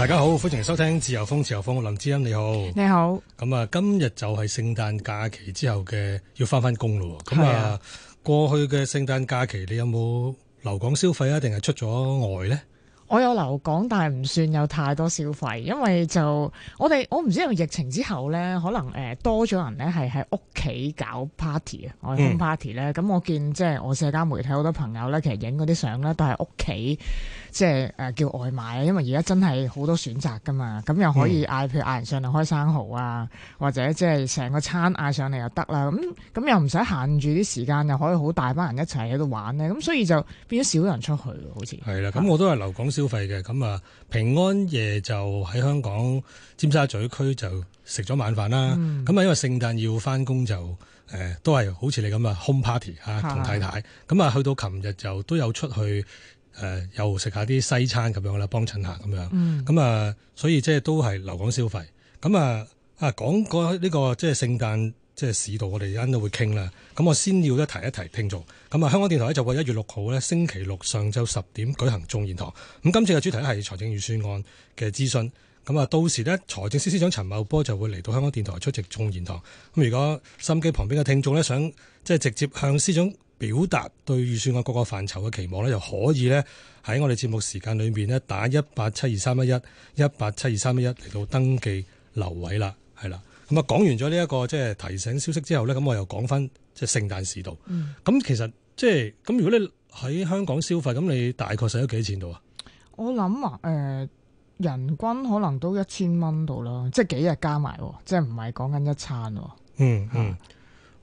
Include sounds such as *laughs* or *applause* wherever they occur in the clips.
大家好，歡迎收聽自由風，自由風，林志恩你好，你好。咁啊好，今日就係聖誕假期之後嘅要翻翻工咯。咁啊，過去嘅聖誕假期你有冇留港消費啊？定係出咗外呢？我有留港，但係唔算有太多消費，因為就我哋我唔知因為疫情之後呢，可能誒多咗人咧係喺屋企搞 party 啊、嗯，外送 party 咧。咁我見即係、就是、我社交媒體好多朋友呢，其實影嗰啲相咧都係屋企。即係誒叫外賣，因為而家真係好多選擇噶嘛，咁又可以嗌、嗯、譬如嗌人上嚟開生蠔啊，或者即係成個餐嗌上嚟又得啦。咁咁又唔使限住啲時間，又可以好大班人一齊喺度玩咧。咁所以就變咗少人出去好似係啦。咁我都係留港消費嘅。咁啊的，平安夜就喺香港尖沙咀區就食咗晚飯啦。咁啊、嗯，因為聖誕要翻工就誒、呃，都係好似你咁啊，home party 嚇同太太。咁啊的，去到琴日就都有出去。誒、呃、又食下啲西餐咁樣啦，幫襯下咁樣，咁啊、嗯嗯，所以即係都係留港消費。咁、嗯、啊啊講嗰呢、呢個即係聖誕即係市道，我哋啱都會傾啦。咁、嗯、我先要一提一提聽眾。咁、嗯、啊，香港電台咧就會一月六號咧星期六上晝十點舉行眾言堂。咁、嗯、今次嘅主題係財政預算案嘅諮詢。咁、嗯、啊，到時呢，財政司司長陳茂波就會嚟到香港電台出席眾言堂。咁、嗯嗯、如果心機旁邊嘅聽眾咧想即係直接向司長，表達對預算案各個範疇嘅期望咧，就可以咧喺我哋節目時間裏面咧打一八七二三一一一八七二三一一嚟到登記留位啦，係啦。咁啊，講完咗呢一個即係提醒消息之後咧，咁我又講翻即係聖誕市道。咁、嗯、其實即係咁，如果你喺香港消費，咁你大概使咗幾錢度啊？我諗啊，誒、呃，人均可能都一千蚊度啦，即係幾日加埋，即係唔係講緊一餐。嗯嗯，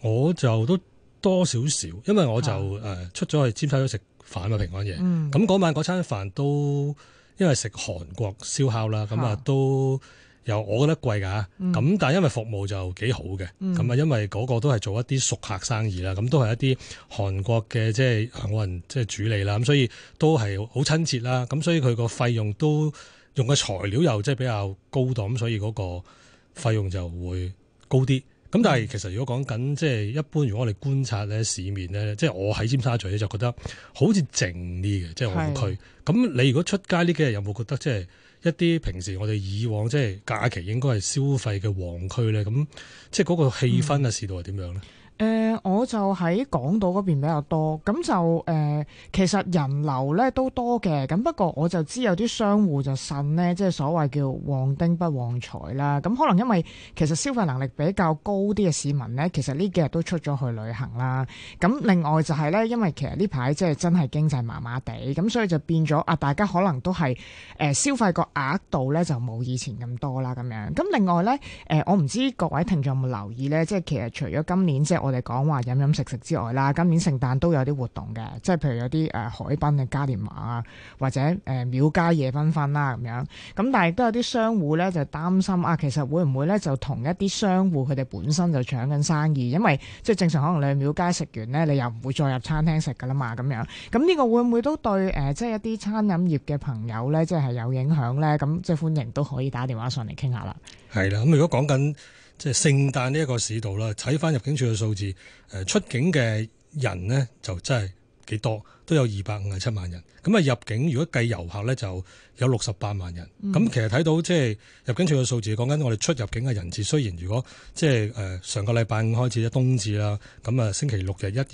我就都多少少，因為我就誒、啊呃、出咗去尖沙咀食飯嘛，平安夜。咁嗰、嗯、晚嗰餐飯都因為食韓國燒烤啦，咁啊都有我覺得貴㗎。咁、嗯、但係因為服務就幾好嘅，咁啊、嗯、因為嗰個都係做一啲熟客生意啦，咁都係一啲韓國嘅即係韓國人即係主理啦，咁所以都係好親切啦。咁所以佢個費用都用嘅材料又即係比較高檔，所以嗰個費用就會高啲。咁、嗯、但係其實如果講緊即係一般，如果我哋觀察咧市面咧，即、就、係、是、我喺尖沙咀咧就覺得好似靜啲嘅，即、就、係、是、旺區。咁是你如果出街呢幾日有冇覺得即係、就是、一啲平時我哋以往即係、就是、假期應該係消費嘅旺區咧？咁即係嗰個氣氛啊，市道係點樣咧？誒、呃，我就喺港島嗰邊比較多，咁就誒、呃，其實人流咧都多嘅，咁不過我就知有啲商戶就信呢，即係所謂叫旺丁不旺財啦。咁可能因為其實消費能力比較高啲嘅市民呢，其實呢幾日都出咗去旅行啦。咁另外就係呢，因為其實呢排即係真係經濟麻麻地，咁所以就變咗啊，大家可能都係誒、呃、消費個額度呢，就冇以前咁多啦咁樣。咁另外呢，誒、呃、我唔知各位聽眾有冇留意呢？即係其實除咗今年即係我哋講話飲飲食食之外啦，今年聖誕都有啲活動嘅，即係譬如有啲誒、呃、海濱嘅嘉年華啊，或者誒、呃、廟街夜繽紛啦咁樣。咁但係亦都有啲商戶咧就擔心啊，其實會唔會咧就同一啲商戶佢哋本身就搶緊生意，因為即係正常可能你去廟街食完咧，你又唔會再入餐廳食噶啦嘛咁樣。咁呢個會唔會都對誒、呃，即係一啲餐飲業嘅朋友咧，即係係有影響咧？咁即係歡迎都可以打電話上嚟傾下啦。係啦，咁如果講緊。即係聖誕呢一個市道啦，睇翻入境處嘅數字，誒、呃、出境嘅人呢就真係幾多，都有二百五十七萬人。咁啊，入境，如果計遊客呢就有六十八萬人。咁、嗯、其實睇到即係入境處嘅數字，講緊我哋出入境嘅人次。雖然如果即係、呃、上個禮拜五開始咧冬至啦，咁啊星期六日一二，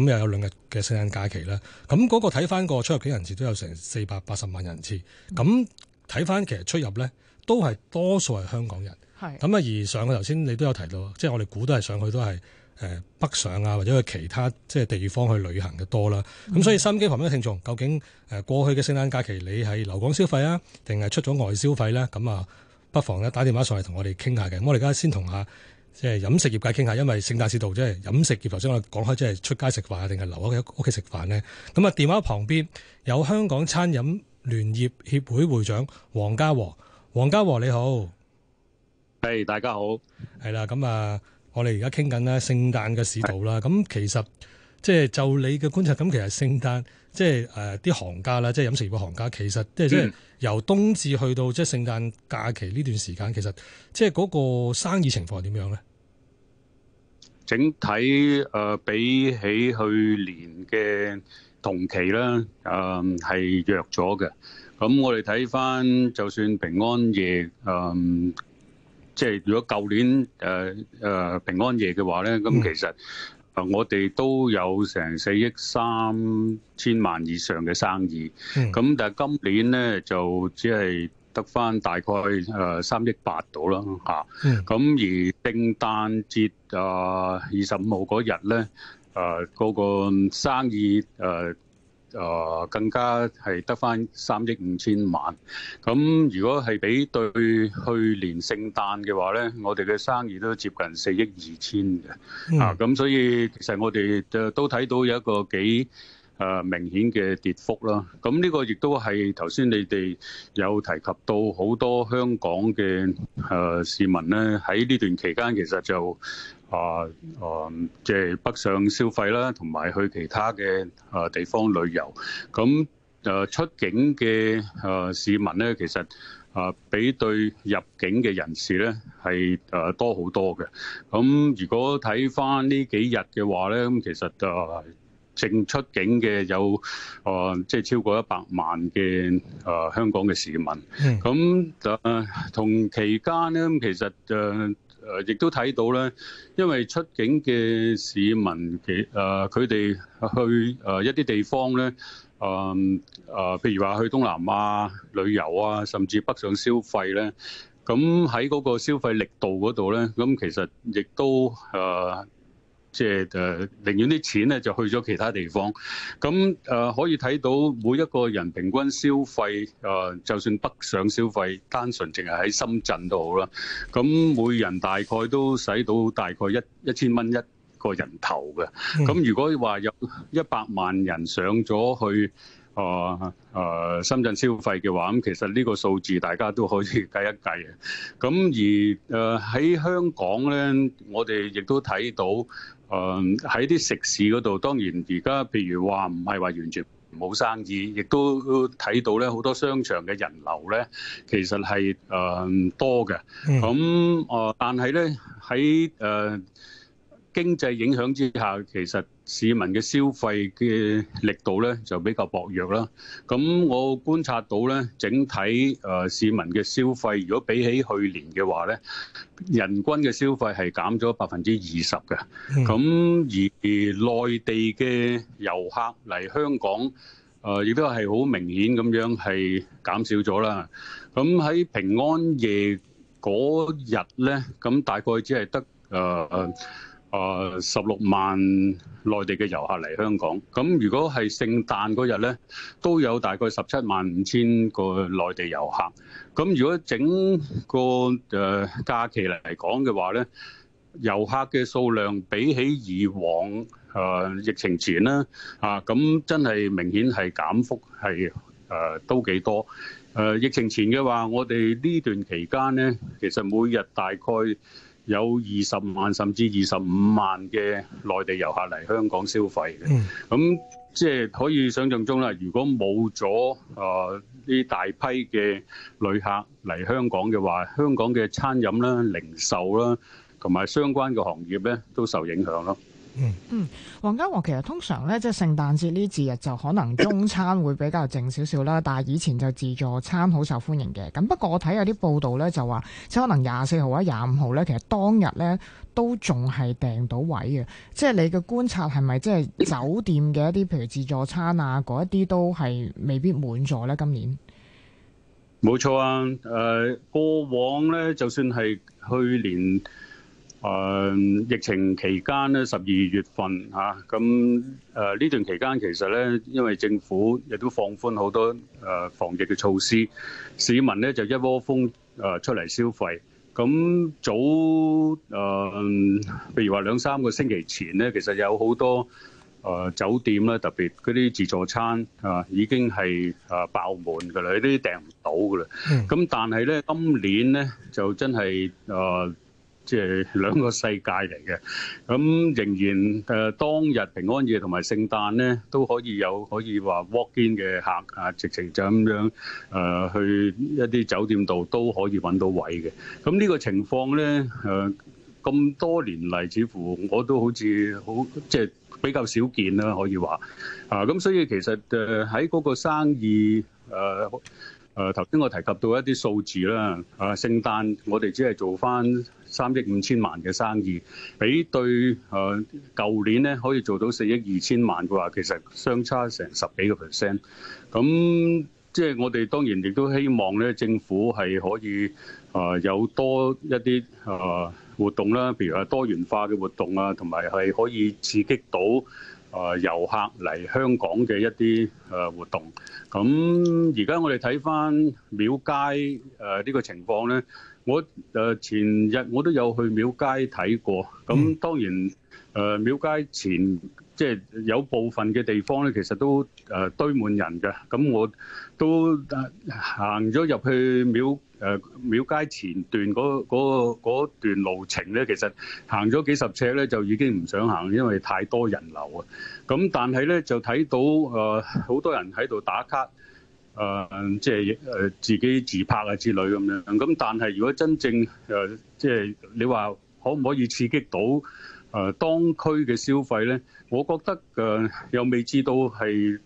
咁又有兩日嘅聖誕假期啦。咁嗰個睇翻個出入境人次都有成四百八十萬人次。咁睇翻其實出入呢，都係多數係香港人。係咁啊！是而上個頭先你都有提到，即係我哋估都係上去都係誒北上啊，或者去其他即係地方去旅行嘅多啦。咁、嗯、所以收音機旁邊嘅聽眾，究竟誒過去嘅聖誕假期你係留港消費啊，定係出咗外消費咧？咁啊，不妨咧打電話上嚟同我哋傾下嘅。我哋而家先同下即係飲食業界傾下，因為聖誕節到即係飲食業頭先我哋講開即係出街食飯啊，定係留喺屋企食飯咧？咁啊，電話旁邊有香港餐飲聯業協會會，會長黃家和，黃家和，你好。係，hey, 大家好。係啦，咁、嗯、啊，我哋而家傾緊呢聖誕嘅市道啦。咁的其實即係、就是、就你嘅觀察，咁其實聖誕即係誒啲行家啦，即係飲食業嘅行家，其實即係即係由冬至去到即係聖誕假期呢段時間，其實即係嗰個生意情況係點樣呢？整體誒、呃，比起去年嘅同期啦，誒、呃、係弱咗嘅。咁我哋睇翻，就算平安夜，誒、呃。即係如果舊年誒誒、呃呃、平安夜嘅話咧，咁、嗯嗯、其實啊、呃、我哋都有成四億三千萬以上嘅生意，咁、嗯、但係今年咧就只係得翻大概誒三、呃、億八度啦嚇，咁、啊嗯、而聖誕節啊二十五號嗰日咧誒嗰個生意誒。呃誒、呃、更加係得翻三億五千萬，咁如果係比對去年聖誕嘅話呢，我哋嘅生意都接近四億二千嘅，嗯、啊，咁所以其實我哋都睇到有一個幾誒、呃、明顯嘅跌幅啦。咁呢個亦都係頭先你哋有提及到好多香港嘅誒、呃、市民呢，喺呢段期間其實就。啊，嗯，即、就、係、是、北上消費啦，同埋去其他嘅啊地方旅遊，咁啊出境嘅啊市民咧，其實啊比對入境嘅人士咧係啊多好多嘅。咁如果睇返呢幾日嘅話咧，咁其實啊正出境嘅有啊即係超過一百萬嘅啊香港嘅市民。咁就、嗯啊、同期間咧，咁其實就。啊誒，亦都睇到咧，因為出境嘅市民其誒，佢、呃、哋去誒、呃、一啲地方咧，誒、呃、誒，譬如話去東南亞旅遊啊，甚至北上消費咧，咁喺嗰個消費力度嗰度咧，咁其實亦都誒。呃即係誒，寧願啲錢咧就去咗其他地方。咁誒、呃、可以睇到每一個人平均消費誒、呃，就算北上消費，單純淨係喺深圳都好啦。咁每人大概都使到大概一一千蚊一個人頭嘅。咁如果話有一百萬人上咗去誒誒、呃呃、深圳消費嘅話，咁其實呢個數字大家都可以計一計嘅。咁而誒喺、呃、香港咧，我哋亦都睇到。誒喺啲食肆嗰度，當然而家譬如話唔係話完全冇生意，亦都睇到咧好多商場嘅人流咧，其實係誒、嗯、多嘅。咁、嗯、誒、呃，但係咧喺誒。經濟影響之下，其實市民嘅消費嘅力度咧就比較薄弱啦。咁我觀察到咧，整體誒市民嘅消費，如果比起去年嘅話咧，人均嘅消費係減咗百分之二十嘅。咁而內地嘅遊客嚟香港誒，亦都係好明顯咁樣係減少咗啦。咁喺平安夜嗰日咧，咁大概只係得誒。啊，十六萬內地嘅遊客嚟香港，咁如果係聖誕嗰日呢，都有大概十七萬五千個內地遊客。咁如果整個誒假期嚟講嘅話呢，遊客嘅數量比起以往誒疫情前啦，啊咁真係明顯係減幅係誒都幾多。誒疫情前嘅話，我哋呢段期間呢，其實每日大概。有二十萬甚至二十五萬嘅內地遊客嚟香港消費嘅，咁、嗯、即係可以想像中啦。如果冇咗啊呢大批嘅旅客嚟香港嘅話，香港嘅餐飲啦、零售啦同埋相關嘅行業咧，都受影響咯。嗯，黃家和其實通常咧，即係聖誕節呢節日就可能中餐會比較靜少少啦。 *coughs* 但係以前就自助餐好受歡迎嘅。咁不過我睇有啲報道咧，就話即可能廿四號或者廿五號咧，其實當日咧都仲係訂到位嘅。即係你嘅觀察係咪即係酒店嘅一啲， *coughs* 譬如自助餐啊嗰一啲都係未必滿座咧？今年冇錯啊！誒、呃，過往咧就算係去年。誒疫情期間咧，十二月份嚇，咁誒呢段期間其實咧，因為政府亦都放寬好多誒防疫嘅措施，市民咧就一窩蜂誒出嚟消費。咁早誒，譬如話兩三個星期前咧，其實有好多誒酒店咧，特別嗰啲自助餐嚇，已經係誒爆滿㗎啦，呢啲訂唔到㗎啦。咁但係咧，今年咧就真係誒。即係兩個世界嚟嘅咁，仍然誒、呃、當日平安夜同埋聖誕咧，都可以有可以話 walk in 嘅客啊，直情就咁樣誒、呃、去一啲酒店度都可以揾到位嘅。咁、嗯、呢、呢個情況咧誒咁多年嚟，似乎我都好似好即係比較少見啦，可以話啊。咁所以其實誒喺嗰個生意誒誒頭先我提及到一啲數字啦啊，聖誕我哋只係做翻三億五千萬嘅生意，比對誒舊年咧可以做到四億二千萬嘅話，其實相差成十幾個 percent。咁即係我哋當然亦都希望咧，政府係可以誒有多一啲誒活動啦，譬如係多元化嘅活動啊，同埋係可以刺激到誒遊客嚟香港嘅一啲誒活動。咁而家我哋睇翻廟街誒呢個情況咧。我誒前日我都有去廟街睇過，咁當然誒、嗯呃、廟街前即係、就是、有部分嘅地方咧，其實都誒、呃、堆滿人嘅。咁我都、呃、行咗入去廟誒、呃、廟街前段嗰段路程咧，其實行咗幾十尺咧，就已經唔想行，因為太多人流啊。咁但係咧就睇到誒好、呃、多人喺度打卡。誒、呃，即係誒、呃、自己自拍啊之類咁樣。咁但係如果真正誒、呃，即係你話可唔可以刺激到誒、呃、當區嘅消費咧？我覺得誒、呃、又未知道係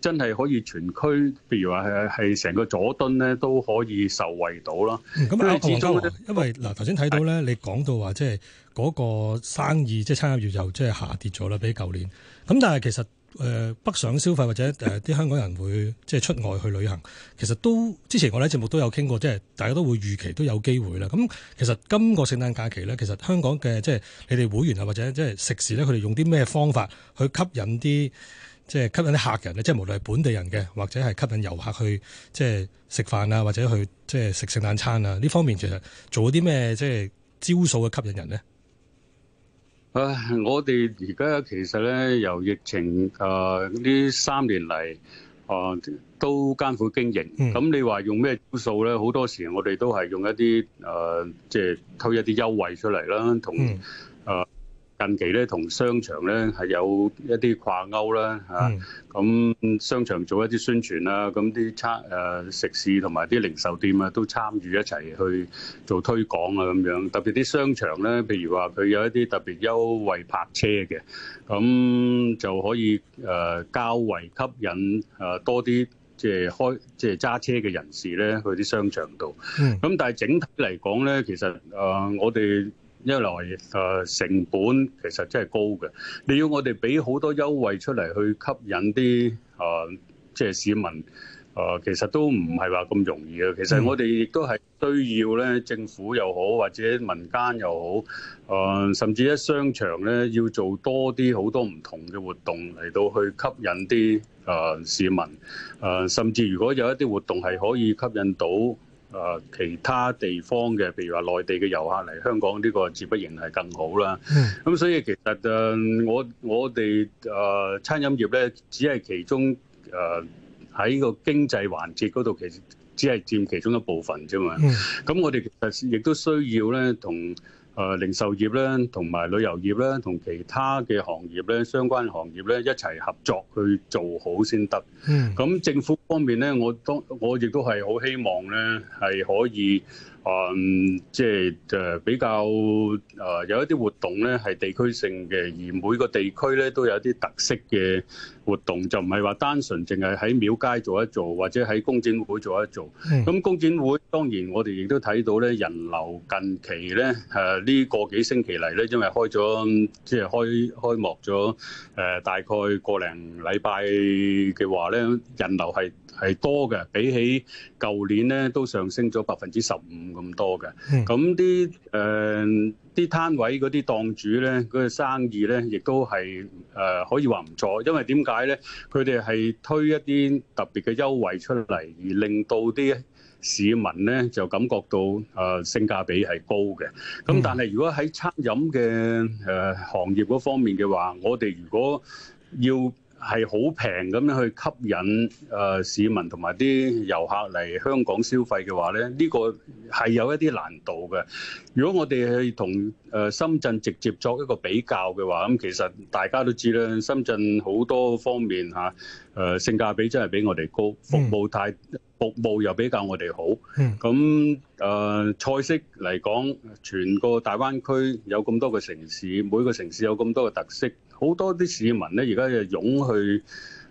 真係可以全區，譬如話係係成個佐敦咧都可以受惠到啦。咁喺黃金，嗯嗯、因為嗱頭先睇到咧，呃、你講到話即係嗰個生意即係三月又即係下跌咗啦，比舊年。咁但係其實。誒、呃、北上消費或者誒啲、呃、香港人會即係出外去旅行，其實都之前我哋喺節目都有傾過，即係大家都會預期都有機會啦。咁、嗯、其實今個聖誕假期咧，其實香港嘅即係你哋會員啊，或者即係食肆咧，佢哋用啲咩方法去吸引啲即係吸引啲客人咧？即係無論係本地人嘅，或者係吸引遊客去即係食飯啊，或者去即係食聖誕餐啊，呢方面其實做啲咩即係招數嘅吸引人呢？唉，uh, 我哋而家其實咧，由疫情啊呢、uh, 三年嚟啊、uh, 都艱苦經營。咁、mm. 嗯、你話用咩招數咧？好多時我哋都係用一啲啊，uh, 即係推一啲優惠出嚟啦，同啊。Uh, 近期咧同商場咧係有一啲掛鈎啦嚇，咁、嗯啊、商場做一啲宣傳啦、啊，咁啲餐誒食肆同埋啲零售店啊都參與一齊去做推廣啊咁樣。特別啲商場咧，譬如話佢有一啲特別優惠泊車嘅，咁就可以誒、呃、較為吸引誒、呃、多啲即係開即係揸車嘅人士咧去啲商場度。咁、嗯嗯、但係整體嚟講咧，其實誒、呃、我哋。一來誒成本其實真係高嘅，你要我哋俾好多優惠出嚟去吸引啲誒，即、呃、係、即係、市民誒、呃，其實都唔係話咁容易嘅。其實我哋亦都係需要咧，政府又好或者民間又好誒、呃，甚至喺商場咧要做多啲好多唔同嘅活動嚟到去吸引啲誒、呃、市民誒、呃，甚至如果有一啲活動係可以吸引到。誒、呃、其他地方嘅，譬如話內地嘅遊客嚟香港呢、呢個自不然係更好啦。咁、 *laughs* 嗯、所以其實誒、呃、我我哋誒、呃、餐飲業咧，只係其中誒喺、呃、個經濟環節嗰度，其實只係佔其中一部分啫嘛。咁、 *laughs* 嗯、我哋其實亦都需要咧同。誒、呃、零售業咧，同埋旅遊業咧，同其他嘅行業咧，相關行業咧，一齊合作去做好先得。嗯，咁政府方面咧，我都我亦都係好希望咧，係可以誒、呃，即係誒比較誒、呃，有一啲活動咧係地區性嘅，而每個地區咧都有啲特色嘅。活動就唔係話單純淨係喺廟街做一做，或者喺工展會做一做。咁工展會當然我哋亦都睇到咧，人流近期咧，誒呢個幾星期嚟咧，因為開咗即係開開幕咗誒大概個零禮拜嘅話咧，人流係係多嘅，比起舊年咧都上升咗百分之十五咁多嘅。咁啲誒。啲攤位嗰啲檔主咧，嗰個生意咧，亦都係誒可以話唔錯，因為點解咧？佢哋係推一啲特別嘅優惠出嚟，而令到啲市民咧就感覺到誒性價比係高嘅。咁但係如果喺餐飲嘅誒行業嗰方面嘅話，我哋如果要係好平咁樣去吸引誒市民同埋啲遊客嚟香港消費嘅話咧，呢、呢個係有一啲難度嘅。如果我哋去同誒深圳直接作一個比較嘅話，咁其實大家都知啦，深圳好多方面嚇，誒、啊、性價比真係比我哋高，服務態服務又比較我哋好。咁誒、嗯呃、菜式嚟講，全個大灣區有咁多個城市，每個城市有咁多個特色，好多啲市民咧，而家就湧去誒、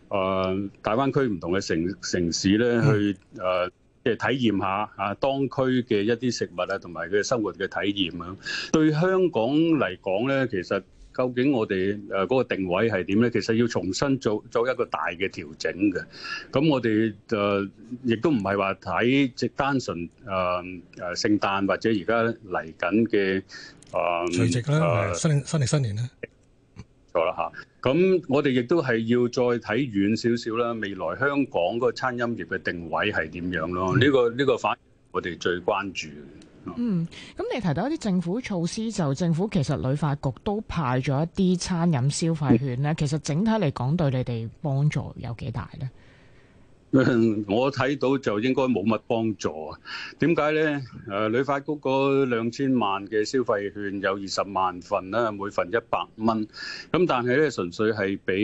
呃、大灣區唔同嘅城城市咧去誒。嗯即係體驗下啊，當區嘅一啲食物啊，同埋佢嘅生活嘅體驗啊，對香港嚟講咧，其實究竟我哋誒嗰個定位係點咧？其實要重新做做一個大嘅調整嘅。咁我哋誒、呃、亦都唔係話睇即係單純誒誒聖誕或者而家嚟緊嘅除夕啦，新新曆新年啦。咁我哋亦都係要再睇遠少少啦。未來香港嗰個餐飲業嘅定位係點樣咯？呢個呢個反而我哋最關注。嗯，咁你提到一啲政府措施，就政府其實旅發局都派咗一啲餐飲消費券呢。其實整體嚟講，對你哋幫助有幾大呢？ *laughs* 我睇到就應該冇乜幫助啊。點解呢？誒旅發局嗰兩千萬嘅消費券有二十萬份啦，每份一百蚊，咁但係咧純粹係俾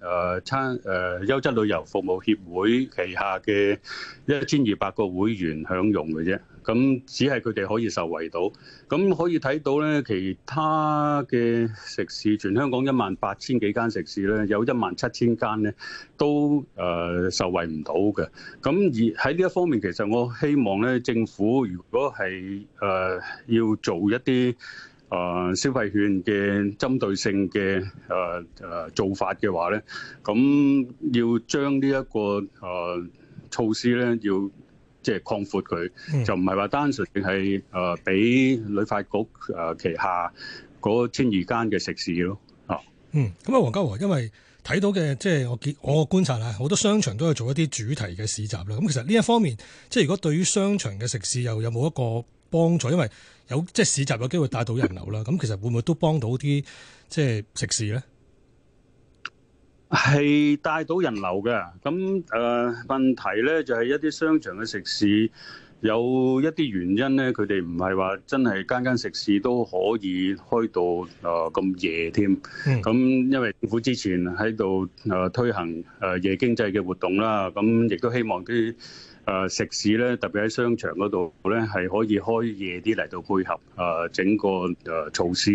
誒餐誒優質旅遊服務協會旗下嘅一千二百個會員享用嘅啫。咁只係佢哋可以受惠到，咁可以睇到咧，其他嘅食肆，全香港一萬八千幾間食肆咧，有一萬七千間咧都誒、呃、受惠唔到嘅。咁而喺呢一方面，其實我希望咧，政府如果係誒、呃、要做一啲誒、呃、消費券嘅針對性嘅誒誒做法嘅話咧，咁要將呢一個誒、呃、措施咧要。即係擴闊佢，嗯、就唔係話單純喺誒俾旅發局誒、呃、旗下嗰千二間嘅食肆咯。哦，嗯，咁啊，黃家和，因為睇到嘅即係我我觀察啊，好多商場都有做一啲主題嘅市集啦。咁、嗯、其實呢一方面，即係如果對於商場嘅食肆又有冇一個幫助？因為有即係市集有機會帶到人流啦。咁、嗯、其實會唔會都幫到啲即係食肆咧？係帶到人流嘅，咁誒問題呢就係一啲商場嘅食肆有一啲原因呢，佢哋唔係話真係間間食肆都可以開到誒咁夜添。咁因為政府之前喺度誒推行誒夜經濟嘅活動啦，咁亦都希望啲。誒、呃、食肆咧，特別喺商場嗰度咧，係可以開夜啲嚟到配合誒、呃、整個誒、呃、措施。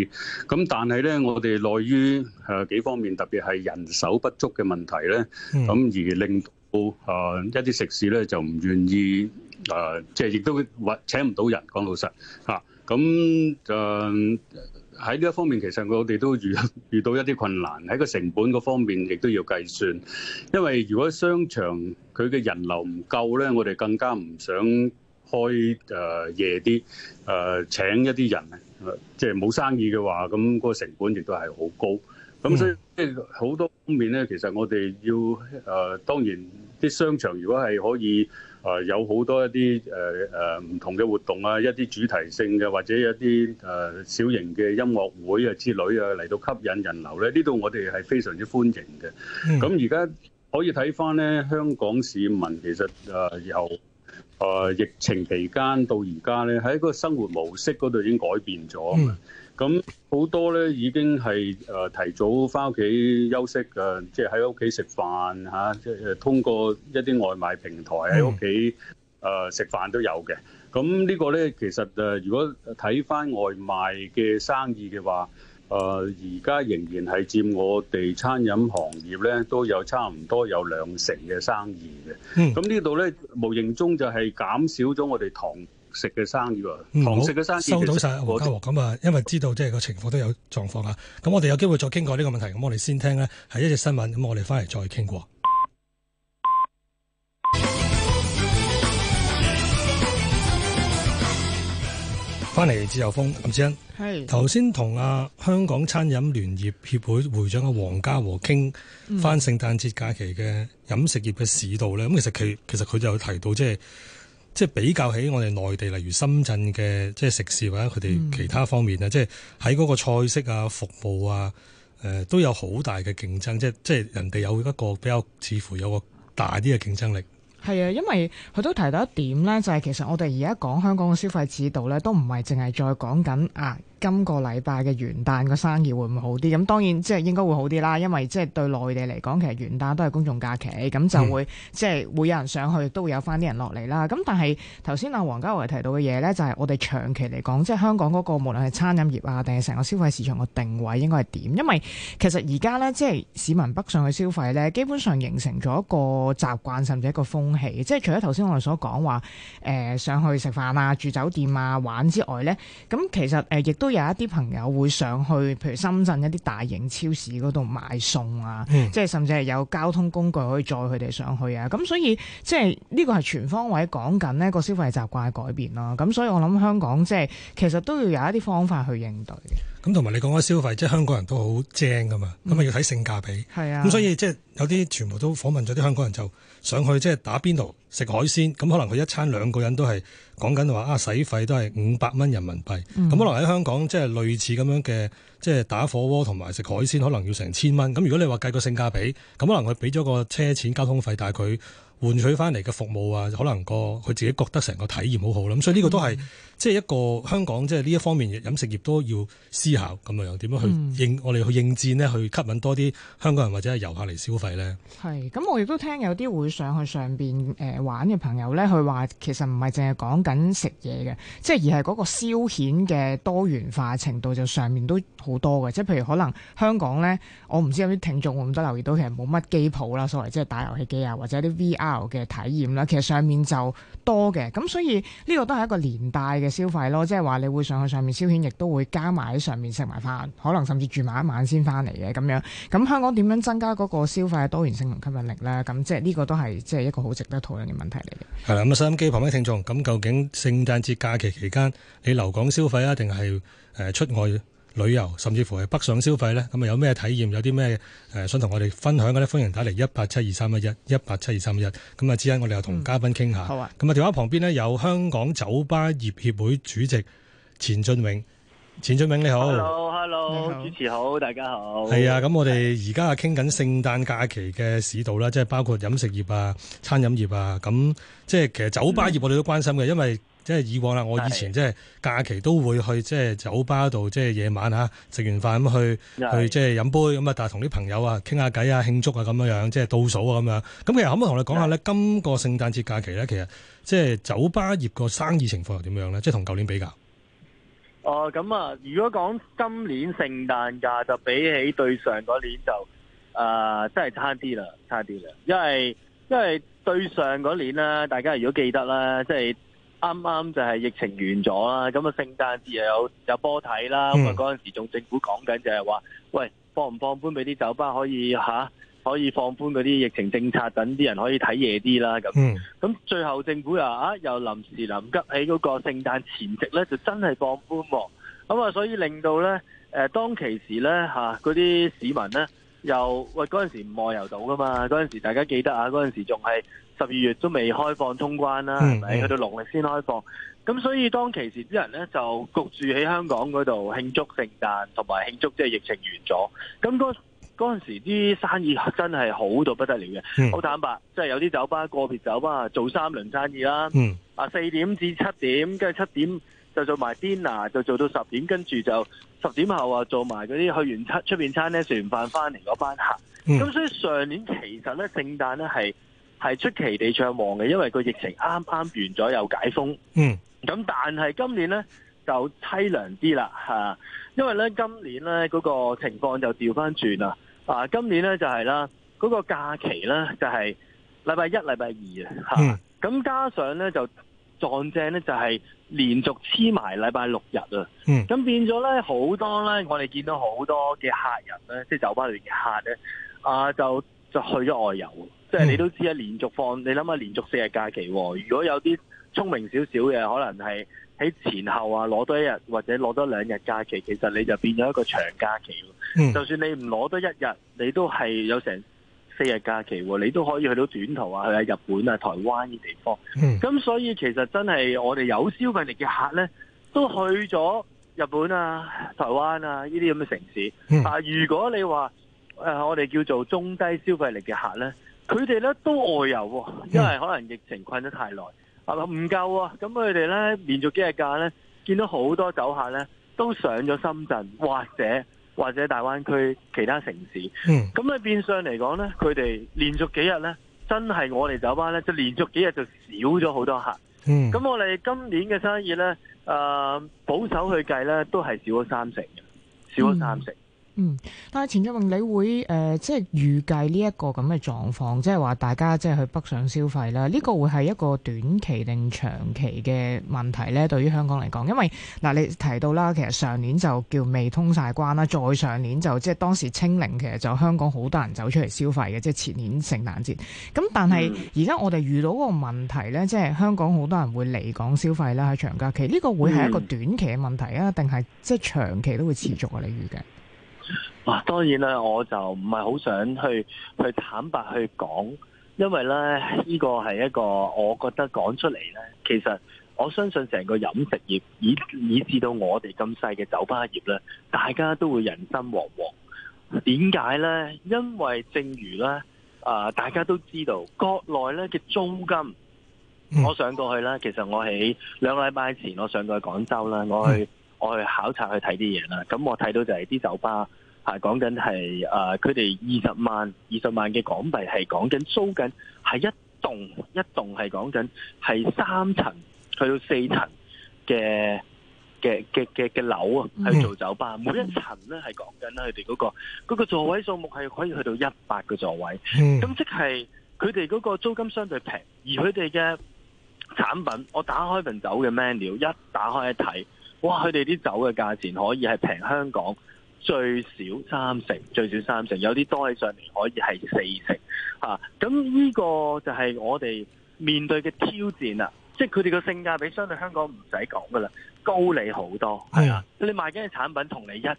咁但係咧，我哋內於誒、呃、幾方面，特別係人手不足嘅問題咧，咁、嗯、而令到誒、呃、一啲食肆咧就唔願意誒、呃，即係亦都或請唔到人講老實嚇。咁、啊、誒。喺呢一方面，其實我哋都遇遇到一啲困難喺個成本嗰方面，亦都要計算。因為如果商場佢嘅人流唔夠咧，我哋更加唔想開誒、呃、夜啲誒、呃、請一啲人，誒、呃、即係冇生意嘅話，咁個成本亦都係好高。咁所以即係好多方面咧，其實我哋要誒、呃、當然啲商場如果係可以。誒有好多一啲誒誒唔同嘅活動啊，一啲主題性嘅或者一啲誒、呃、小型嘅音樂會啊之類啊嚟到吸引人流咧，呢度我哋係非常之歡迎嘅。咁而家可以睇翻咧，香港市民其實誒由誒疫情期間到而家咧，喺個生活模式嗰度已經改變咗。咁好多咧已經係誒、呃、提早返屋企休息誒，即係喺屋企食飯嚇，即、啊、係通過一啲外賣平台喺屋企誒食飯都有嘅。咁呢個咧其實誒，如果睇返外賣嘅生意嘅話，誒而家仍然係佔我哋餐飲行業咧都有差唔多有兩成嘅生意嘅。咁、嗯、呢度咧無形中就係減少咗我哋堂食嘅生意喎，唔好糖 收到晒，黃家和咁啊。因為知道即係個情況都有狀況啊。咁我哋有機會再傾過呢個問題，咁我哋先聽咧係一隻新聞，咁我哋翻嚟再傾過。翻嚟自由風，林子恩。係頭先同啊，香港餐飲聯業協會會長阿黃家和傾翻聖誕節假期嘅飲食業嘅市道咧，咁其實佢其實佢就有提到即係。即係比較起我哋內地，例如深圳嘅即係食肆或者佢哋其他方面咧，嗯、即係喺嗰個菜式啊、服務啊，誒、呃、都有好大嘅競爭，即係即係人哋有一個比較似乎有個大啲嘅競爭力。係啊，因為佢都提到一點咧，就係、是、其實我哋而家講香港嘅消費指導咧，都唔係淨係再講緊啊。今個禮拜嘅元旦個生意會唔會好啲？咁當然即係應該會好啲啦，因為即係對內地嚟講，其實元旦都係公眾假期，咁就會、嗯、即係會有人上去，都會有返啲人落嚟啦。咁但係頭先阿黃家和提到嘅嘢呢，就係、是、我哋長期嚟講，即係香港嗰、那個無論係餐飲業啊，定係成個消費市場嘅定位應該係點？因為其實而家呢，即係市民北上去消費呢，基本上形成咗一個習慣，甚至一個風氣。即係除咗頭先我哋所講話誒上去食飯啊、住酒店啊、玩之外呢，咁其實誒亦、呃、都。有一啲朋友會上去，譬如深圳一啲大型超市嗰度買餸啊，嗯、即係甚至係有交通工具可以載佢哋上去啊。咁所以即係呢個係全方位講緊呢個消費習慣改變咯。咁所以我諗香港即係其實都要有一啲方法去應對。咁同埋你講開消費，即係香港人都好精㗎嘛，咁啊、嗯、要睇性價比。係、嗯、啊，咁所以即係有啲全部都訪問咗啲香港人就上去即係打邊爐食海鮮，咁可能佢一餐兩個人都係講緊話啊，使費都係五百蚊人民幣。咁、嗯、可能喺香港即係類似咁樣嘅，即係打火鍋同埋食海鮮，可能要成千蚊。咁如果你話計個性價比，咁可能佢俾咗個車錢交通費，但係佢，換取翻嚟嘅服務啊，可能個佢自己覺得成個體驗好好啦，咁所以呢個都係、嗯、即係一個香港即係呢一方面嘅飲食業都要思考咁樣點樣樣去應、嗯、我哋去應戰咧，去吸引多啲香港人或者係遊客嚟消費呢？係，咁我亦都聽有啲會上去上邊誒、呃、玩嘅朋友呢，佢話其實唔係淨係講緊食嘢嘅，即係而係嗰個消遣嘅多元化程度就上面都好多嘅，即係譬如可能香港呢，我唔知有啲聽眾會唔多留意到，其實冇乜機鋪啦，所謂即係打遊戲機啊，或者啲 VR。嘅體驗啦，其實上面就多嘅，咁所以呢個都係一個連帶嘅消費咯，即係話你會上去上面消遣，亦都會加埋喺上面食埋飯，可能甚至住埋一晚先翻嚟嘅咁樣。咁香港點樣增加嗰個消費嘅多元性同吸引力呢？咁即係呢個都係即係一個好值得討論嘅問題嚟嘅。係啦，咁收音機旁邊聽眾，咁究竟聖誕節假期期間你留港消費啊，定係誒出外旅遊甚至乎係北上消費咧，咁啊有咩體驗？有啲咩誒想同我哋分享嘅咧？歡迎打嚟一八七二三一一八七二三一，咁啊之間我哋又同嘉賓傾下。咁、嗯、啊電話旁邊呢，有香港酒吧業協會主席錢雋永，錢雋永你好。Hello，hello，hello, hello 主持好，大家好。係啊，咁我哋而家啊傾緊聖誕假期嘅市道啦，即係包括飲食業啊、餐飲業啊，咁即係其實酒吧業我哋都關心嘅，因為、嗯。即係以往啦，我以前即係假期都會去即係酒吧度，即係夜晚嚇食完飯咁去去即係飲杯咁啊！但係同啲朋友啊傾下偈啊、慶祝啊咁樣樣，即係倒數啊咁樣。咁其實可唔可以同你講下咧？是的 今個聖誕節假期咧，其實即係酒吧業個生意情況又點樣咧？即係同舊年比較。哦，咁啊！如果講今年聖誕假，就比起對上嗰年就誒、呃，真係差啲啦，差啲啦。因為因為對上嗰年咧，大家如果記得啦。即係。啱啱就係疫情完咗啦，咁啊聖誕節又有有波睇啦，咁啊嗰陣時仲政府講緊就係話，喂，放唔放寬俾啲酒吧可以嚇、啊、可以放寬嗰啲疫情政策，等啲人可以睇嘢啲睇夜啲啦咁。咁、嗯、最後政府又啊又臨時臨急喺嗰個聖誕前夕咧，就真係放寬喎。咁啊，所以令到咧誒、呃、當其時咧嚇嗰啲市民咧。又喂，嗰陣唔外遊到㗎嘛？嗰陣時大家記得啊，嗰陣時仲係十二月都未開放通關啦，係咪，嗯？去到農曆先開放。咁所以當其時啲人呢，就焗住喺香港嗰度慶祝聖誕、誕，同埋慶祝即係疫情完咗。咁嗰嗰時啲生意真係好到不得了嘅。好、嗯、坦白，即、就、係、是、有啲酒吧、個別酒吧做三輪生意啦。啊、嗯，四點至七點，跟住七點。就做埋 dinner，就做到十點，跟住就十點後啊，做埋嗰啲去完出邊餐廳，食完飯翻嚟嗰班客。咁、嗯、所以上年其實咧，聖誕咧係係出奇地暢旺嘅，因為個疫情啱啱完咗又解封。嗯。咁但係今年咧就淒涼啲啦，吓，因為咧今年咧嗰、那個情況就調翻轉啦。啊，今年咧就係啦，嗰、那個假期咧就係禮拜一、禮拜二啊。嗯。咁、嗯、加上咧就撞正咧就係、是。連續黐埋禮拜六日啊！咁、嗯、變咗咧，好多咧，我哋見到好多嘅客人咧，即係酒吧裏面嘅客咧，啊、呃、就就去咗外遊。嗯、即係你都知啊，連續放你諗下，連續四日假期。如果有啲聰明少少嘅，可能係喺前後啊攞多一日或者攞多兩日假期，其實你就變咗一個長假期。嗯、就算你唔攞多一日，你都係有成四日假期、哦，你都可以去到短途啊，去下日本啊、台灣嘅地方。咁所以其實真係我哋有消費力嘅客呢，都去咗日本啊、台灣啊呢啲咁嘅城市。但、 *noise* 啊、如果你話誒、呃、我哋叫做中低消費力嘅客呢，佢哋呢都外遊、哦，因為可能疫情困得太耐，係嘛唔夠啊。咁佢哋呢連續幾日假呢，見到好多走客呢，都上咗深圳或者。或者大灣區其他城市，咁咧、嗯、變相嚟講咧，佢哋連續幾日咧，真係我哋酒吧咧，就連續幾日就少咗好多客。咁、嗯、我哋今年嘅生意咧，誒、呃、保守去計咧，都係少咗三成嘅，少咗三成。嗯，但係錢雋永，你會誒、呃、即係預計呢一個咁嘅狀況，即係話大家即係去北上消費啦。呢、這個會係一個短期定長期嘅問題呢？對於香港嚟講，因為嗱、呃，你提到啦，其實上年就叫未通晒關啦。再上年就即係當時清零，其實就香港好多人走出嚟消費嘅，即係前年聖誕節。咁但係而家我哋遇到個問題呢，mm hmm. 即係香港好多人會離港消費啦，喺長假期。呢、這個會係一個短期嘅問題啊，定係即係長期都會持續？你預計？哇！當然啦，我就唔係好想去去坦白去講，因為呢呢、這個係一個我覺得講出嚟咧，其實我相信成個飲食業以以至到我哋咁細嘅酒吧業咧，大家都會人心惶惶。點解呢？因為正如咧，啊、呃、大家都知道國內咧嘅租金，嗯、我上過去咧，其實我喺兩禮拜前我上過去廣州啦，我去、嗯、我去考察去睇啲嘢啦。咁我睇到就係啲酒吧。係講緊係誒，佢哋二十萬、二十萬嘅港幣係講緊租緊，係一棟一棟係講緊係三層去到四層嘅嘅嘅嘅樓啊，去做酒吧。每一層咧係講緊啦，佢哋嗰個嗰個座位數目係可以去到一百個座位。咁即係佢哋嗰個租金相對平，而佢哋嘅產品，我打開份酒嘅 menu，一打開一睇，哇！佢哋啲酒嘅價錢可以係平香港最少三成，最少三成，有啲多喺上面可以係四成，嚇、啊！咁呢個就係我哋面對嘅挑戰啦。即係佢哋個性價比相對香港唔使講噶啦，高你好多，係啊！你賣緊嘅產品同你一樣，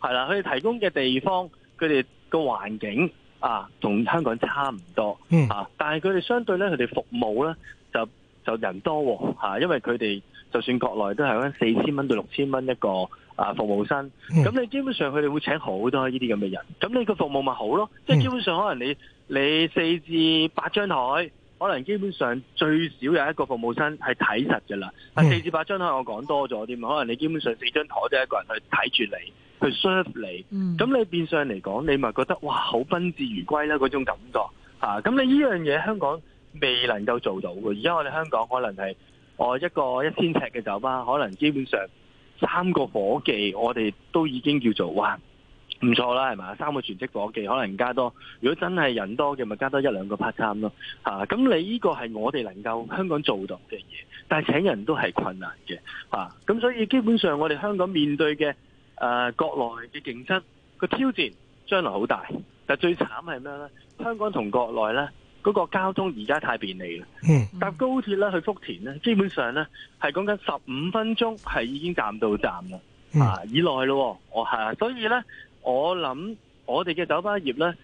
係啦，佢哋提供嘅地方，佢哋個環境啊，同香港差唔多，啊，但係佢哋相對咧，佢哋服務咧就就人多喎、啊，因為佢哋。就算國內都係嗰四千蚊到六千蚊一個啊服務生，咁、嗯、你基本上佢哋會請好多呢啲咁嘅人，咁你個服務咪好咯，嗯、即係基本上可能你你四至八張台，可能基本上最少有一個服務生係睇實嘅啦。嗯、但四至八張台我講多咗啲，可能你基本上四張台都一個人去睇住你去 serve 你，咁你、嗯、你變相嚟講，你咪覺得哇好賓至如歸啦嗰種感覺嚇。咁、啊、你呢樣嘢香港未能夠做到嘅，而家我哋香港可能係。我一個一千尺嘅酒吧，可能基本上三個伙計，我哋都已經叫做哇唔錯啦，係咪？三個全職伙計，可能加多。如果真係人多嘅，咪加多一兩、啊、個 part time 咯，吓。咁你呢個係我哋能夠香港做到嘅嘢，但係請人都係困難嘅，啊。咁所以基本上我哋香港面對嘅誒、呃、國內嘅競爭個挑戰將來好大。但最慘係咩呢？香港同國內呢。嗰個交通而家太便利啦，搭高鐵咧去福田咧，基本上咧係講緊十五分鐘係已經站到站啦，啊，以內咯，我係，所以咧我諗我哋嘅酒吧業咧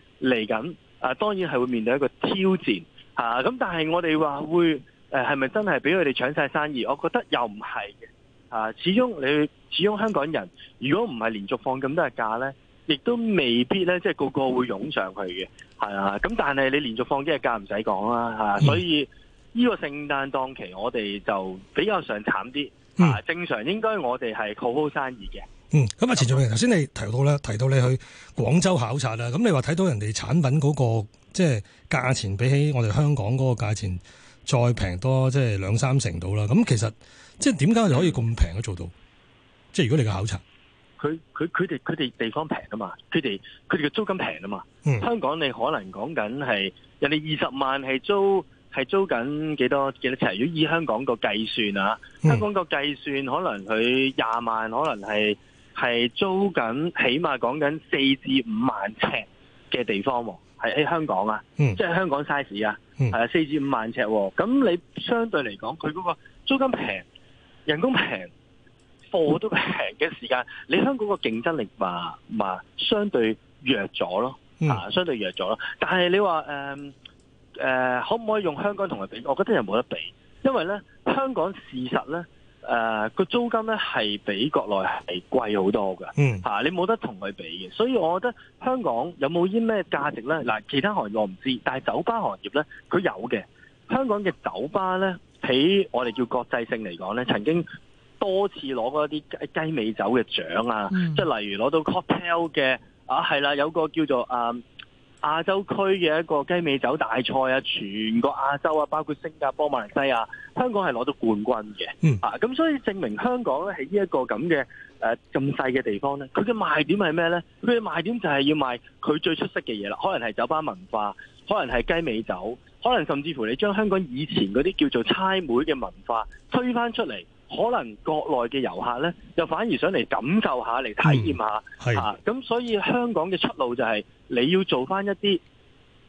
嚟緊啊，當然係會面對一個挑戰嚇，咁但係我哋話會誒係咪真係俾佢哋搶晒生意？我覺得又唔係嘅嚇，始終你始終香港人如果唔係連續放咁多日假咧。亦都未必咧，即係個個會湧上去嘅，係啊。咁但係你連續放幾日假唔使講啦，吓。嗯、所以呢個聖誕檔期我哋就比較上慘啲。啊、嗯，正常應該我哋係好好生意嘅，嗯。嗯、咁、嗯、啊，錢雋永，頭先你提到咧，提到你去廣州考察啦。咁你話睇到人哋產品嗰，嗰個即係價錢比起我哋香港嗰個價錢再平多，即係兩三成度啦。咁其實即係點解就可以咁平嘅做到？嗯、即係如果你嘅考察。佢佢佢哋佢哋地方平啊嘛，佢哋佢哋嘅租金平啊嘛。嗯、香港你可能講緊係人哋二十萬係租係租緊幾多幾多尺？如果以香港個計算啊，嗯、香港個計算可能佢廿萬可能係係租緊起碼講緊四至五萬尺嘅地方喎、啊，係喺香港啊，即係、嗯、香港 size 啊，係四、嗯、至五萬尺、啊。咁你相對嚟講，佢嗰個租金平，人工平，嗯、貨都平嘅時間，你香港個競爭力嘛嘛相對弱咗咯，啊相對弱咗咯。但係你話誒誒，可唔可以用香港同佢比？我覺得又冇得比，因為咧香港事實咧誒個租金咧係比國內係貴好多㗎，嚇、啊、你冇得同佢比嘅。所以我覺得香港有冇啲咩價值咧？嗱，其他行業我唔知，但係酒吧行業咧佢有嘅。香港嘅酒吧咧，喺我哋叫國際性嚟講咧，曾經。多次攞過一啲雞雞尾酒嘅獎啊，即係、嗯、例如攞到 cocktail 嘅啊，係啦，有個叫做啊、嗯、亞洲區嘅一個雞尾酒大賽啊，全個亞洲啊，包括新加坡、馬來西亞、香港係攞到冠軍嘅、嗯、啊，咁所以證明香港咧喺呢一個咁嘅誒咁細嘅地方咧，佢嘅賣點係咩咧？佢嘅賣點就係要賣佢最出色嘅嘢啦，可能係酒吧文化，可能係雞尾酒，可能甚至乎你將香港以前嗰啲叫做猜妹嘅文化推翻出嚟。可能國內嘅遊客呢，又反而想嚟感受下，嚟體驗下嚇。咁、嗯啊、所以香港嘅出路就係、係、你要做翻一啲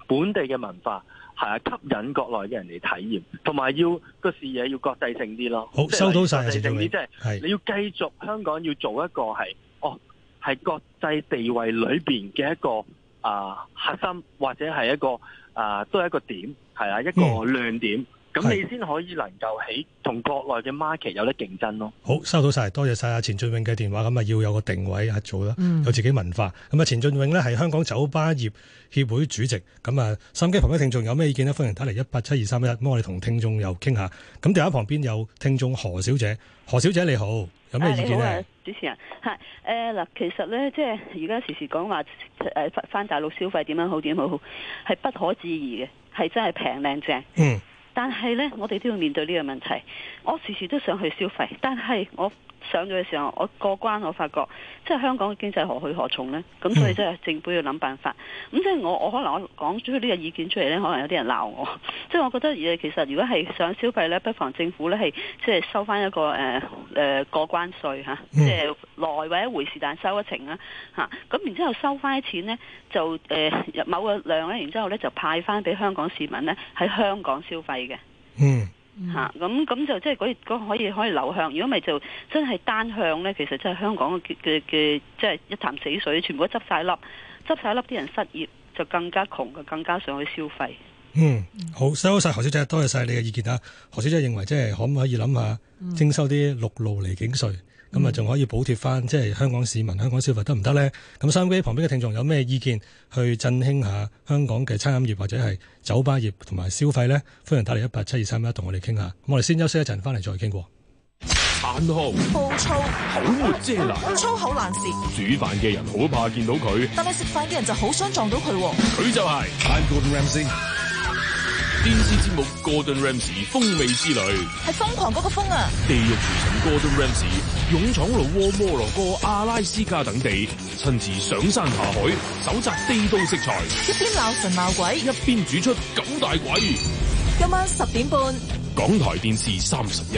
本地嘅文化，係啊，吸引國內嘅人嚟體驗，同埋要個視野要國際性啲咯。好，收到晒，謝謝你。即係的你要繼續的香港要做一個係，哦，係國際地位裏邊嘅一個啊核心，或者係一個啊都係一個點，係啊一個亮點。嗯嗯咁你先可以能夠喺同國內嘅 market 有得競爭咯。好，收到晒，多謝晒。阿錢雋永嘅電話，咁咪要有個定位去做啦，有自己文化。咁啊、嗯，錢雋永呢係香港酒吧業協會主席。咁啊，心機旁邊聽眾有咩意見呢？歡迎打嚟一八七二三一一，咁我哋同聽眾又傾下。咁電話旁邊有聽眾何小姐，何小姐你好，有咩意見咧、啊啊？主持人係誒嗱，其實咧，即係而家時時講話誒翻大陸消費點樣好點好，係不可置疑嘅，係真係平靚正。嗯。但係呢，我哋都要面對呢個問題。我時時都想去消費，但係我，上咗嘅時候，我過關，我發覺即係香港嘅經濟何去何從呢？咁所以真係政府要諗辦法。咁即係我，我可能我講出呢個意見出嚟呢，可能有啲人鬧我。即係我覺得，誒，其實如果係想消費呢，不妨政府呢係即係收翻一個誒誒、呃呃、過關稅吓，啊嗯、即係來回一回事，但收一程啦。吓、啊。咁然之後收翻啲錢呢，就誒、呃、某個量咧，然之後咧就派翻俾香港市民呢，喺香港消費嘅。嗯。吓，咁咁就即係嗰嗰可以可以流向，如果咪就真係單向咧，其實即係香港嘅嘅即係一潭死水，全部都執晒笠。執晒笠啲人失業就更加窮嘅，更加想去消費。嗯， *noise* 嗯好，收晒好何小姐，多謝晒你嘅意見啊。何小姐認為即係可唔可以諗下、嗯、徵收啲陸路離境稅？咁啊，仲、嗯、可以補貼翻，即係香港市民香港消費得唔得咧？咁收音機旁邊嘅聽眾有咩意見去振興下香港嘅餐飲業或者係酒吧業同埋消費咧？歡迎打嚟一八七二三一，同我哋傾下。我哋先休息一陣，翻嚟再傾過。眼紅號暴躁口沒遮攔，粗口難舌，煮飯嘅人好怕見到佢，但係食飯嘅人就好想撞到佢。佢就係、是。電視節目 Gordon Ramsay 風味之旅，係瘋狂嗰個瘋啊！地獄廚神 Gordon Ramsay 勇闖老撾摩洛哥、阿拉斯加等地，親自上山下海，搜集地道食材，一邊鬧神鬧鬼，一邊煮出咁大鬼。今晚十點半，港台電視三十一。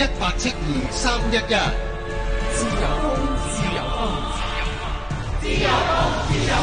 一八七二三一一，自由風，自由風，自由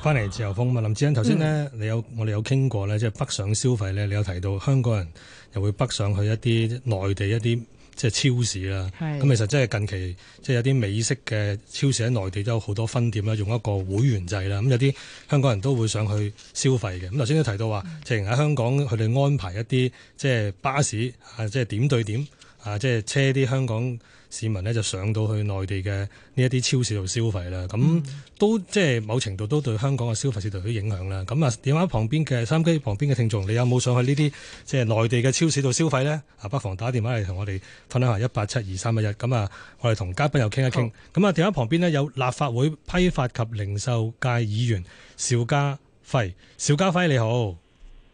風，自由風，自由風。翻嚟自由風啊！林志恩，頭先咧，你有我哋有傾過咧，即係北上消費咧，你有提到香港人又會北上去一啲內地一啲。即係超市啦，咁係其實即係近期即係有啲美式嘅超市喺內地都有好多分店啦，用一個會員制啦，咁、嗯、有啲香港人都會想去消費嘅。咁頭先都提到話，直情喺香港佢哋安排一啲即係巴士啊，即係點對點啊，即係車啲香港。市民呢就上到去內地嘅呢一啲超市度消費啦，咁、嗯嗯、都即係某程度都對香港嘅消費市道有影響啦。咁、嗯、啊，電話旁邊嘅收音機旁邊嘅聽眾，你有冇上去呢啲即係內地嘅超市度消費呢？啊，不妨打電話嚟同我哋分享一下一八七二三一一。咁啊，我哋同嘉賓又傾一傾。咁啊、嗯嗯，電話旁邊呢有立法會批發及零售界議員邵家輝，邵家輝你好。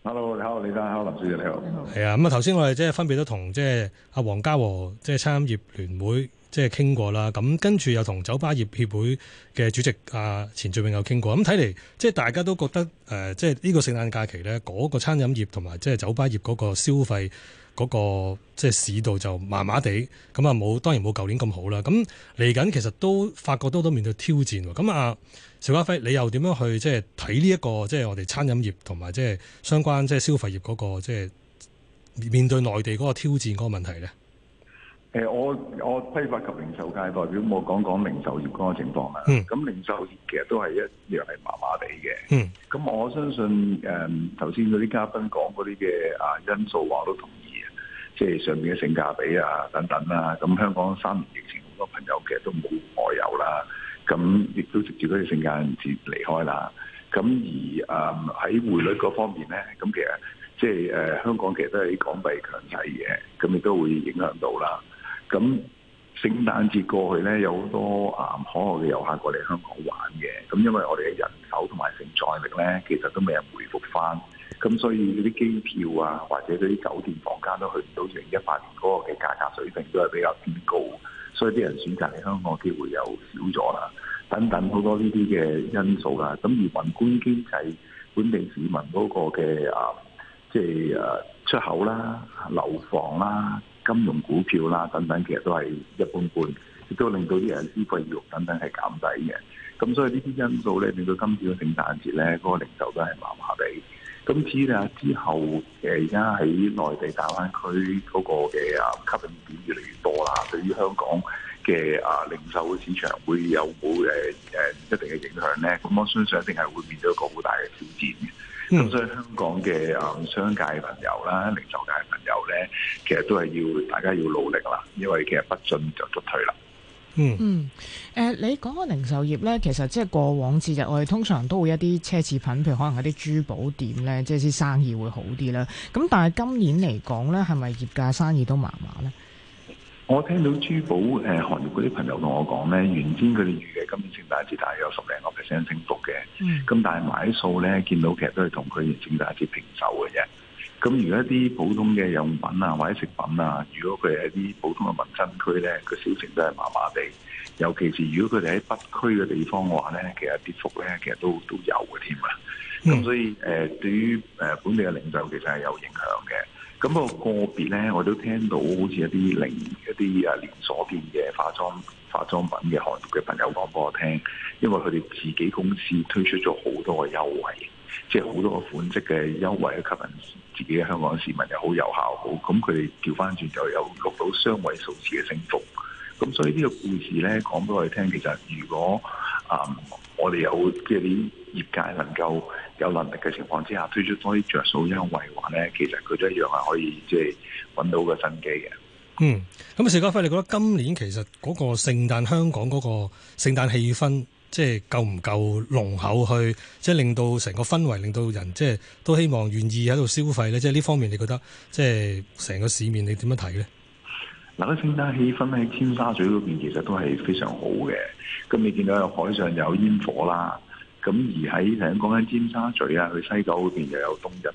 hello，你好，李生，hello 林小姐，你好，係啊，咁啊，頭先我哋即係分別都同即係阿黃家和即係餐飲業聯會即係傾過啦，咁跟住又同酒吧業協會嘅主席啊，錢雋永有傾過，咁睇嚟即係大家都覺得誒，即係呢個聖誕假期咧，嗰、那個餐飲業同埋即係酒吧業嗰、那個消費嗰個即係市道就麻麻地，咁啊冇，當然冇舊年咁好啦，咁嚟緊其實都發覺多多面對挑戰喎，咁、嗯、啊。邵家輝，你又點樣去、呢個、即係睇呢一個即係我哋餐飲業同埋即係相關即係消費業嗰、嗰個即係面對內地嗰個挑戰嗰個問題咧？誒、欸，我我批發及零售界代表，我講講零售業嗰個情況啦。咁、嗯、零售業其實都係一,一樣係麻麻地嘅。嗯，咁我相信誒頭先嗰啲嘉賓講嗰啲嘅啊因素，我都同意即係上面嘅性價比啊等等啦。咁香港三年疫情，好多朋友其實都冇外遊啦。咁亦都直接嗰個聖誕節離開啦。咁而誒喺、嗯、匯率嗰方面咧，咁其實即係誒香港其實都係港幣強勢嘅，咁亦都會影響到啦。咁聖誕節過去咧，有好多誒、嗯、海外嘅遊客過嚟香港玩嘅。咁因為我哋嘅人手同埋承載力咧，其實都未有回復翻。咁所以啲機票啊，或者啲酒店房間都去唔到二零一八年嗰個嘅價格水平，都係比較偏高。所以啲人選擇嚟香港機會又少咗啦，等等好多呢啲嘅因素啦。咁而民觀經濟、本地市民嗰個嘅啊、呃，即係啊出口啦、樓房啦、金融股票啦等等，其實都係一般般，亦都令到啲人消費慾等等係減低嘅。咁所以呢啲因素咧，令到今次嘅聖誕節咧，嗰、嗰個零售都係麻麻地。今次咧之後，誒而家喺內地大灣區嗰個嘅啊吸引點越嚟越多啦，對於香港嘅啊零售嘅市場會有冇誒誒一定嘅影響咧？咁我相信一定係會面對一個好大嘅挑戰嘅。咁所以香港嘅啊商界朋友啦、零售界朋友咧，其實都係要大家要努力啦，因為其實不進就不退啦。嗯，誒、呃，你講開零售業咧，其實即係過往節日，我哋通常都會一啲奢侈品，譬如可能係啲珠寶店咧，即係啲生意會好啲啦。咁但係今年嚟講咧，係咪業界生意都麻麻咧？我聽到珠寶誒、呃、行業嗰啲朋友同我講咧，原先佢哋預計今年聖誕節大約有十零個 percent 升幅嘅，咁、嗯、但係買數咧見到其實都係同佢聖誕節平手嘅啫。咁如果一啲普通嘅用品啊，或者食品啊，如果佢係一啲普通嘅民生區咧，個小城都係麻麻地。尤其是如果佢哋喺北區嘅地方嘅話咧，其實跌幅咧，其實都都有嘅添啊。咁所以誒、呃，對於誒本地嘅零售其實係有影響嘅。咁、那個個別咧，我都聽到好似一啲零一啲啊連鎖店嘅化妝化妝品嘅行業嘅朋友講俾我聽，因為佢哋自己公司推出咗好多嘅優惠。即係好多個款式嘅優惠，吸引自己嘅香港市民又好有效好，好咁佢哋調翻轉就有錄到雙位數字嘅升幅。咁所以呢個故事咧講俾我哋聽，其實如果啊、嗯，我哋有即係啲業界能夠有能力嘅情況之下，推出多啲着數優惠嘅話咧，其實佢都一樣係可以即係揾到個新機嘅。嗯，咁啊，邵家輝，你覺得今年其實嗰個聖誕香港嗰個聖誕氣氛？即係夠唔夠濃厚去，即係令到成個氛圍，令到人即係都希望願意喺度消費咧。即係呢方面，你覺得即係成個市面你，你點樣睇咧？嗱，啲聖誕氣氛喺尖沙咀嗰邊其實都係非常好嘅。咁你見到有海上有煙火啦，咁而喺想講緊尖沙咀啊，去西九嗰邊又有冬日誒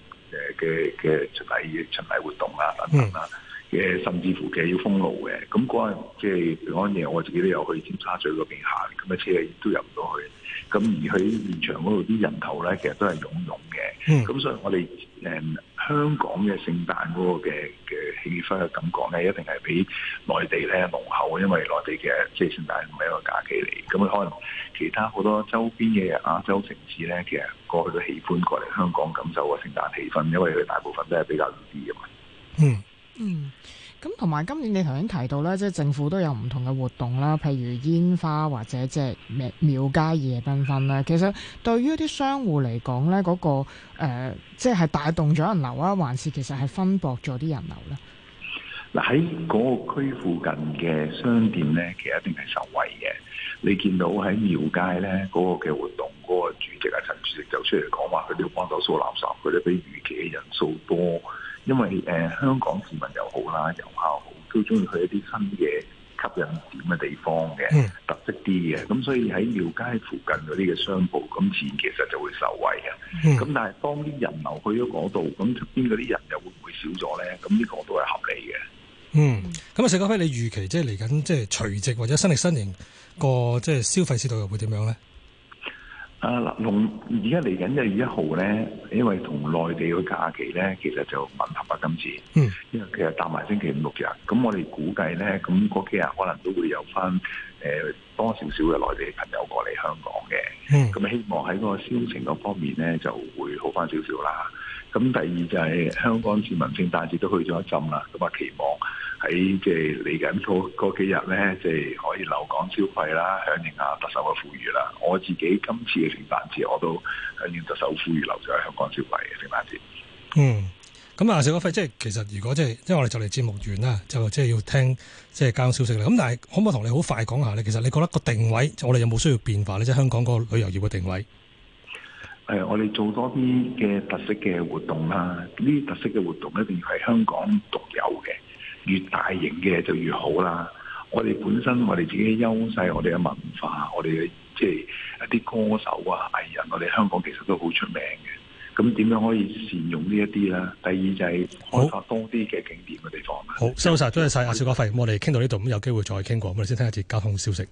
嘅嘅巡禮巡禮活動啊，等等啦。嘅甚至乎嘅要封路嘅，咁嗰日即係平安夜，我自己都有去尖沙咀嗰邊行，咁嘅車都入唔到去。咁而喺現場嗰度啲人頭咧，其實都係湧湧嘅。咁所以，我哋誒香港嘅聖誕嗰個嘅嘅氣氛嘅感覺咧，一定係比內地咧濃厚，因為內地嘅即係聖誕唔係一個假期嚟。咁佢可能其他好多周邊嘅亞洲城市咧，其實過去都喜歡過嚟香港感受個聖誕氣氛，因為佢大部分都係比較熱啲嘅嘛。嗯。嗯，咁同埋今年你頭先提到咧，即係政府都有唔同嘅活動啦，譬如煙花或者即係廟街夜繽紛咧。其實對於啲商戶嚟講咧，嗰、那個誒、呃，即係帶動咗人流啊，還是其實係分薄咗啲人流咧？嗱喺嗰個區附近嘅商店咧，其實一定係受惠嘅。你見到喺廟街咧，嗰、那個嘅活動，嗰、那個主席啊，陳主席就出嚟講話，佢哋要幫手掃垃圾，佢哋比預期嘅人數多。因為誒、呃、香港市民又好啦，遊客好都中意去一啲新嘅吸引點嘅地方嘅、嗯、特色啲嘅，咁所以喺廟街附近嗰啲嘅商鋪，咁自然其實就會受惠嘅。咁、嗯、但係當啲人流去咗嗰度，咁出邊嗰啲人又會唔會少咗咧？咁呢個都係合理嘅。嗯，咁啊，邵家輝，你預期即係嚟緊即係除夕或者新曆新年個即係消費市道又會點樣咧？啊！嗱，同而家嚟緊一月一號咧，因為同內地個假期咧，其實就吻合啊今次，因為其實搭埋星期五六日，咁我哋估計咧，咁嗰幾日可能都會有翻誒、呃、多少少嘅內地朋友過嚟香港嘅，咁、嗯、希望喺嗰個銷情嗰方面咧就會好翻少少啦。咁第二就係香港市民聖誕節都去咗一陣啦，咁啊期望。喺即係嚟緊嗰嗰幾日咧，即係可以留港消費啦，響應下特首嘅呼籲啦。我自己今次嘅聖誕節我都響應特首呼籲留咗喺香港消費嘅聖誕節。嗯，咁啊，邵家輝，即係其實如果即係即係我哋就嚟節目完啦，就即係要聽即係交通消息啦。咁但係可唔可以同你好快講下咧？其實你覺得個定位，我哋有冇需要變化咧？即係香港個旅遊業嘅定位。誒，我哋做多啲嘅特色嘅活動啦，呢啲特色嘅活動一定要係香港獨有嘅。越大型嘅就越好啦。我哋本身我哋自己嘅優勢，我哋嘅文化，我哋嘅即係一啲歌手啊、藝人，我哋香港其實都好出名嘅。咁點樣可以善用一呢一啲啦？第二就係開發多啲嘅景點嘅地方。好，嗯、好，收晒，多謝晒阿邵家輝，我哋傾到呢度咁，有機會再傾過。我哋先聽一次交通消息。